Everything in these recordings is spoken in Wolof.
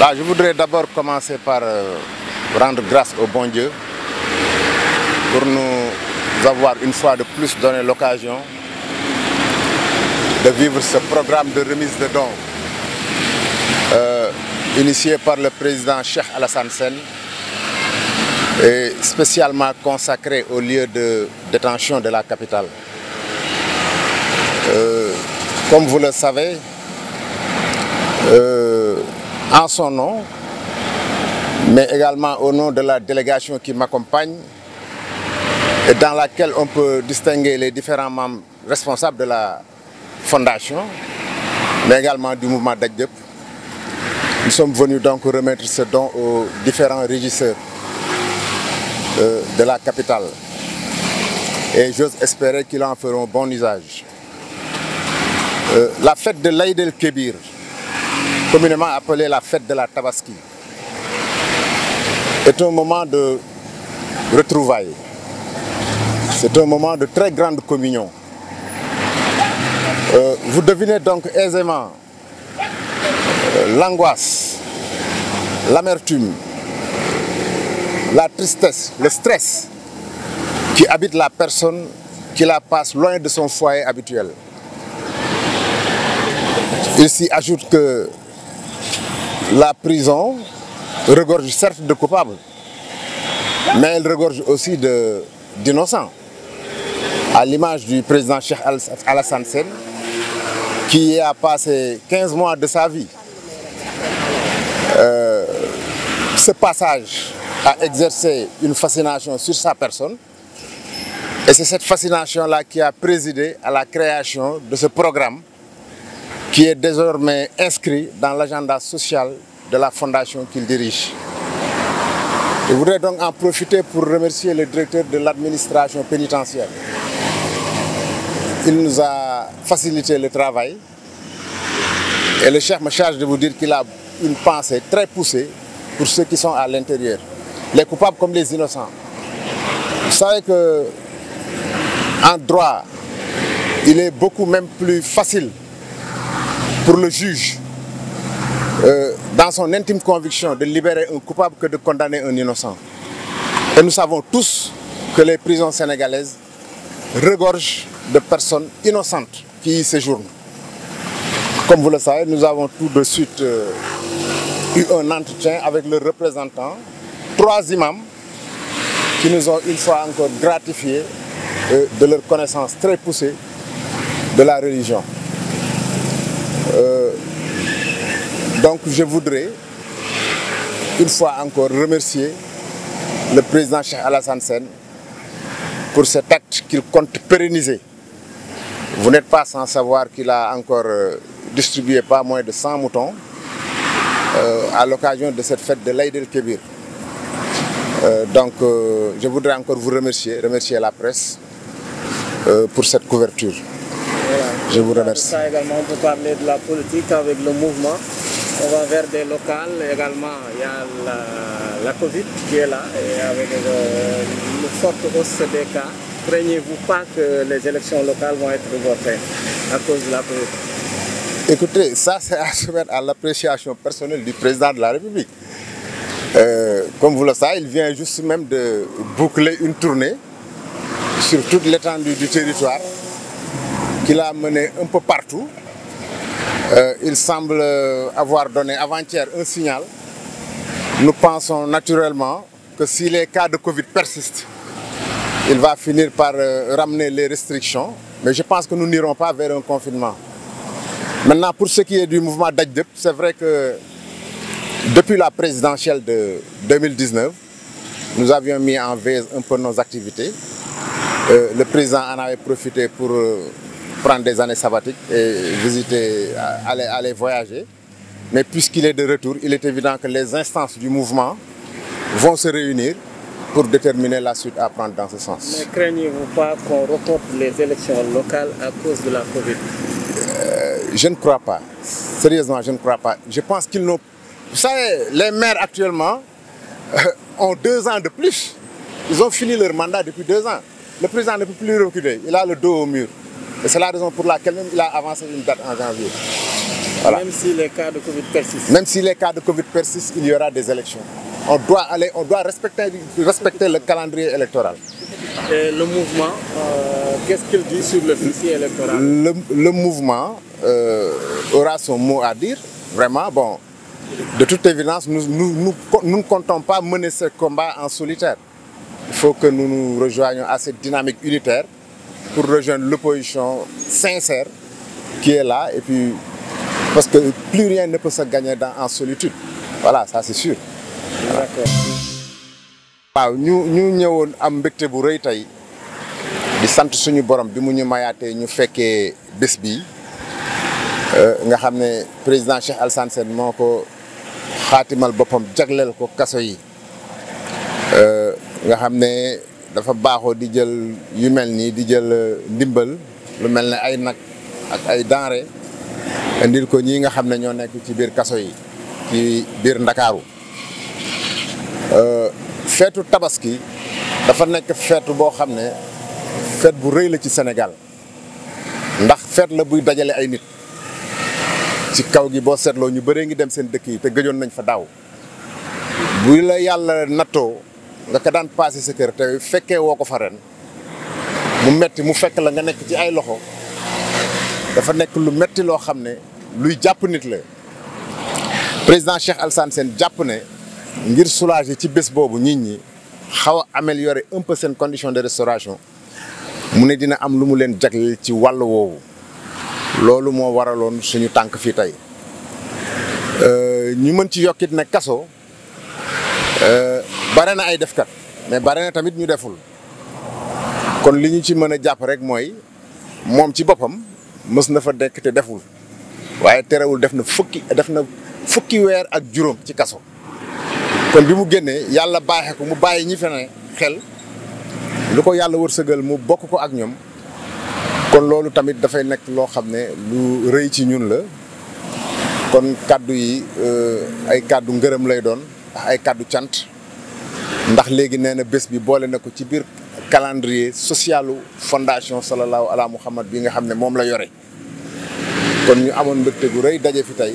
Voilà, je voudrais d'abord commencer par euh, rendre grâce au bon Dieu pour nous avoir une fois de plus donné l'occasion de vivre ce programme de remise de dons euh, initié par le président Cheikh Alassane Sen et spécialement consacré au lieu de détention de la capitale. Euh, comme vous le savez, en son nom, mais également au nom de la délégation qui m'accompagne et dans laquelle on peut distinguer les différents membres responsables de la fondation, mais également du mouvement Dagdep. Nous sommes venus donc remettre ce don aux différents régisseurs euh, de la capitale. Et j'ose espérer qu'ils en feront bon usage. Euh, la fête de l'Aïd el communément appelée la fête de la Tabaski, est un moment de retrouvailles. C'est un moment de très grande communion. Euh, vous devinez donc aisément euh, l'angoisse, l'amertume, la tristesse, le stress qui habite la personne qui la passe loin de son foyer habituel. Il s'y ajoute que la prison regorge certes de coupables, mais elle regorge aussi d'innocents. À l'image du président Cheikh Alassane Sen, qui a passé 15 mois de sa vie. Euh, ce passage a exercé une fascination sur sa personne. Et c'est cette fascination-là qui a présidé à la création de ce programme qui est désormais inscrit dans l'agenda social de la fondation qu'il dirige. Je voudrais donc en profiter pour remercier le directeur de l'administration pénitentiaire. Il nous a facilité le travail et le chef me charge de vous dire qu'il a une pensée très poussée pour ceux qui sont à l'intérieur, les coupables comme les innocents. Vous savez que en droit, il est beaucoup même plus facile pour le juge, euh, dans son intime conviction de libérer un coupable que de condamner un innocent. Et nous savons tous que les prisons sénégalaises regorgent de personnes innocentes qui y séjournent. Comme vous le savez, nous avons tout de suite euh, eu un entretien avec le représentant, trois imams qui nous ont une fois encore gratifiés euh, de leur connaissance très poussée de la religion. Euh, donc je voudrais une fois encore remercier le président Cheikh Alassane Sène pour cet acte qu'il compte pérenniser. Vous n'êtes pas sans savoir qu'il a encore euh, distribué pas moins de 100 moutons euh, à l'occasion de cette fête de l'Aïd el-Kébir. Euh, donc euh, je voudrais encore vous remercier, remercier la presse euh, pour cette couverture. Je vous de la politique avec le mouvement. On va vers locales. Également, la, Covid qui est là et avec euh, une forte des cas. Craignez-vous pas que les élections locales vont être votées à cause de la Covid Écoutez, ça c'est à à l'appréciation personnelle du président de la République. Euh, comme vous le savez, il vient juste même de boucler une tournée sur toute l'étendue du territoire. qu'il a mené un peu partout. Euh, il semble avoir donné avant-hier un que si les cas de Covid persistent, il va finir par euh, ramener les restrictions. Mais je pense que nous n'irons pas vers un pour ce qui est du mouvement d'Ajdep, c'est vrai que depuis la présidentielle de 2019, nous avions mis en veille un peu nos activités. Euh, le président en avait profité pour euh, prendre des années sabbatiques et visiter, euh, aller, voyager. Mais puisqu'il est de retour, il est évident que les instances du mouvement vont se réunir pour déterminer la suite à prendre dans ce sens. Mais craignez-vous pas qu'on reporte les élections locales à cause de la Covid euh, Je ne crois pas. Sérieusement, je ne pas. Je pense qu'ils n'ont... Vous savez, les maires actuellement euh, deux ans de plus. Ils ont fini leur mandat depuis deux ans. Le président ne plus reculer. Il a le dos au mur. Et c'est la raison pour laquelle même il a avancé une date en janvier. Même si les cas de Covid persistent. Même si les cas de Covid persistent, il y aura des élections. On doit aller, on doit respecter, respecter le calendrier électoral. Et le mouvement, euh, le Le, le mouvement euh, aura son mot à dire. Vraiment, bon, de toute évidence, nous, nous, nous, ne comptons pas mener ce combat en solitaire. Il faut que nous nous rejoignions à cette dynamique unitaire pour rejoindre l'opposition sincère qui est là et puis parce que plus rien ne peut se gagner dans en solitude voilà ça c'est sûr. waaw ñu ñu ñëwoon am mbégte bu rëy tey di sant suñu borom bi mu ñu mayaatee ñu fekkee bés bi euh, nga xam ne président Cheikh Alassane Sène moo ko xaatimal boppam jagleel ko kaso yi euh, nga xam ne. dafa baaxoo di jël yu mel nii di jël euh, ndimbal lu mel ni ay nag ak ay denrée indil ko ñi nga xam ne ñoo nekk ci biir kaso yi ci biir ndakaaru euh, feetu tabaski dafa nekk feetu boo xam ne feet bu rëy la ci senegal ndax feet la buy dajale ay nit ci kaw gi boo seetloo ñu baree ngi dem seen dëkk yi te gëjoon nañ fa daaw buy la yàlla nattoo nga ko daan passé sa fekkee woo ko fa ren mu metti mu fekk la nga nekk ci ay loxo dafa nekk lu metti loo xam ne luy jàpp nit la président Cheikh Alassane Sène jàpp ne ngir soulager ci bés boobu nit ñi xaw a améliorer seen condition de restauration mu ne dina am lu mu leen jagle ci wàll woowu loolu moo waraloon suñu tànk fii tey euh, ñu mën ci yokkit ne kaso euh, bare na ay defkat mais bare na tamit ñu deful kon li ñu ci mën a jàpp rek mooy moom ci boppam mës na fa dekk te deful waaye terewul def na fukki def na fukki weer ak juróom ci kaso. kon bi mu génnee yàlla baaxee ko mu bàyyi ñi fene xel lu ko yàlla wërsëgal mu bokk ko ak ñoom kon loolu tamit dafay nekk loo xam ne lu rëy ci ñun la kon kàddu yi euh, ay kàddu ngërëm lay doon ay kàddu cant. ndax léegi nee na bés bi boole na ko ci biir calendrier socialu fondation Sallallahu ala Muhammad bi nga xam ne moom la yore kon ñu amoon mbégte gu rëy daje fi tey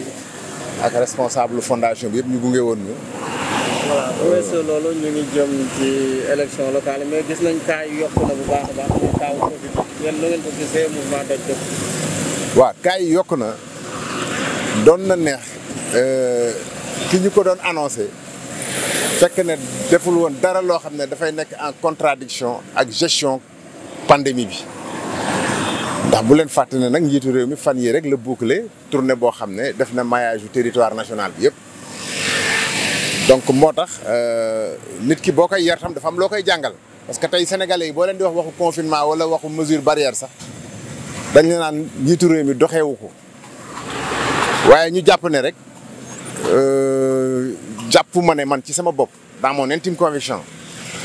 ak responsable fondation bi yëpp ñu gunge woon ñu. voilà bu weesoo loolu ñu ngi jëm ci mais gis nañ cas yi yokku na bu a ko gisee mouvement yi yokku na doon na neex euh, ki ñu ko doon annoncé. fekk ne deful woon dara loo xam ne dafay nekk en contradiction ak gestion pandémie bi ndax bu leen fàtte ne nag njiitu réew mi fan yi rek la boucler tournée boo xam ne def na maillage territoire national bi yëpp donc moo tax euh, nit ki boo koy yar tam dafa am loo koy jàngal parce que tey sénégale yi boo leen di wax waxu confinement wala waxu mesure barrière sax dañ la naan njiitu réew mi doxewu ko waaye ñu jàpp ne rek euh, jàpp ma ne man ci sama bopp dans mon intime conviction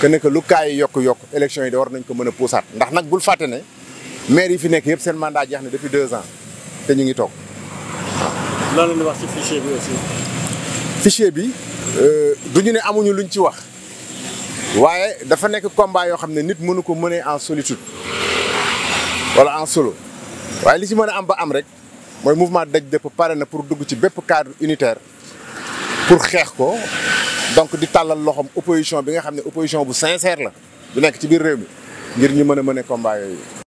que ne que lu kaay yokk-yokk élection yi de war nañ ko mën a puusaat ndax nag bul fàtte ne maire yi fi nekk yëpp seen mandat jeex na depuis deux ans te ñu ngi toog. loolu la bi aussi. fichier euh, ne amuñu luñ ci wax waaye dafa nekk combat yoo xam ne nit mënu ko mënee en solitude wala en solo waaye li ci mën a am ba am rek mooy mouvement Daj Dëpp pare na pour dugg ci bépp cadre unitaire. pour xeex ko donc di tàllal loxoom opposition bi nga xam ne opposition bu sincère la bu nekk ci biir réew mi ngir ñu mën a mën a combat yooyu.